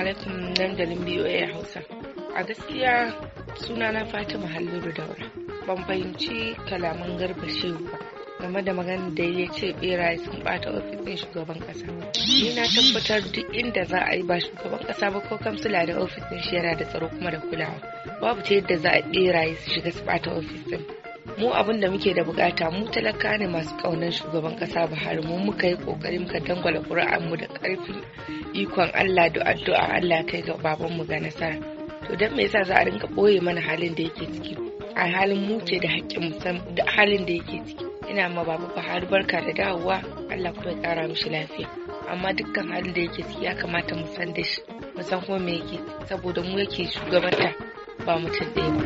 alaikum dandalin a Hausa. A gaskiya sunana Fatima Halliru Daura. Ban fahimci kalaman garba shehu ba game da magana da ya ce beraye sun bata ofishin shugaban kasa. Ni na tabbatar duk inda za a yi ba shugaban kasa ba ko kamsila da ofishin shi yana da tsaro kuma da kulawa. Babu ta yadda za a beraye su shiga su bata ofishin. mu abin da muke da bukata mu talaka ne masu kaunar shugaban kasa buhari mu muka yi kokari muka dangwala ƙuri'an mu da karfin ikon allah da addu'a allah kai ga baban mu ga nasara to don me yasa za a rinka ɓoye mana halin da yake ciki a halin mu ce da haƙƙin mu san da halin da yake ciki ina ma baba buhari barka da dawowa allah kuma ya ƙara mishi lafiya amma dukkan halin da yake ciki ya kamata mu san da shi mu san kuma me yake saboda mu yake shugabanta ba mutum ɗaya ba.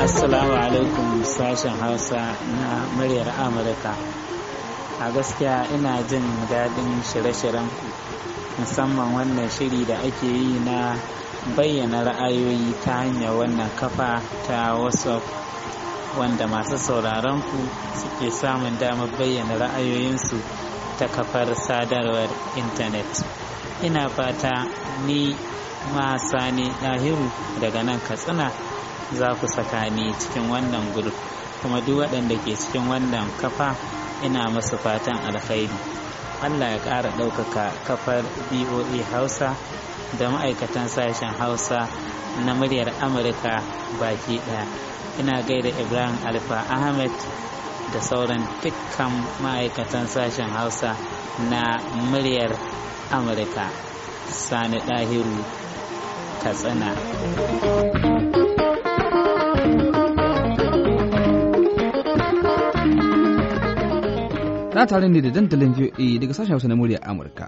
assalamu alaikum sashen hausa na muryar amurka a gaskiya ina jin daɗin shirye-shiryen ku musamman wannan shiri da ake yi na bayyana ra'ayoyi ta hanyar wannan kafa ta whatsapp wanda masu sauraron ku suke samun damar bayyana ra'ayoyinsu ta kafar sadarwar intanet ina fata ni ma sani ɗahiru daga nan katsina za ku saka ni cikin wannan guruf kuma duk waɗanda ke cikin wannan kafa ina masu fatan alkhairi allah ya ƙara ɗaukaka kafar boa hausa da ma'aikatan sashen hausa na muryar amurka baki ɗaya ina gaida ibrahim alfa ahmed da sauran dukkan ma'aikatan sashen hausa na muryar amurka sani ɗahiru katsina na tare ne da dandalin voa e daga sashen hausa na muryar amurka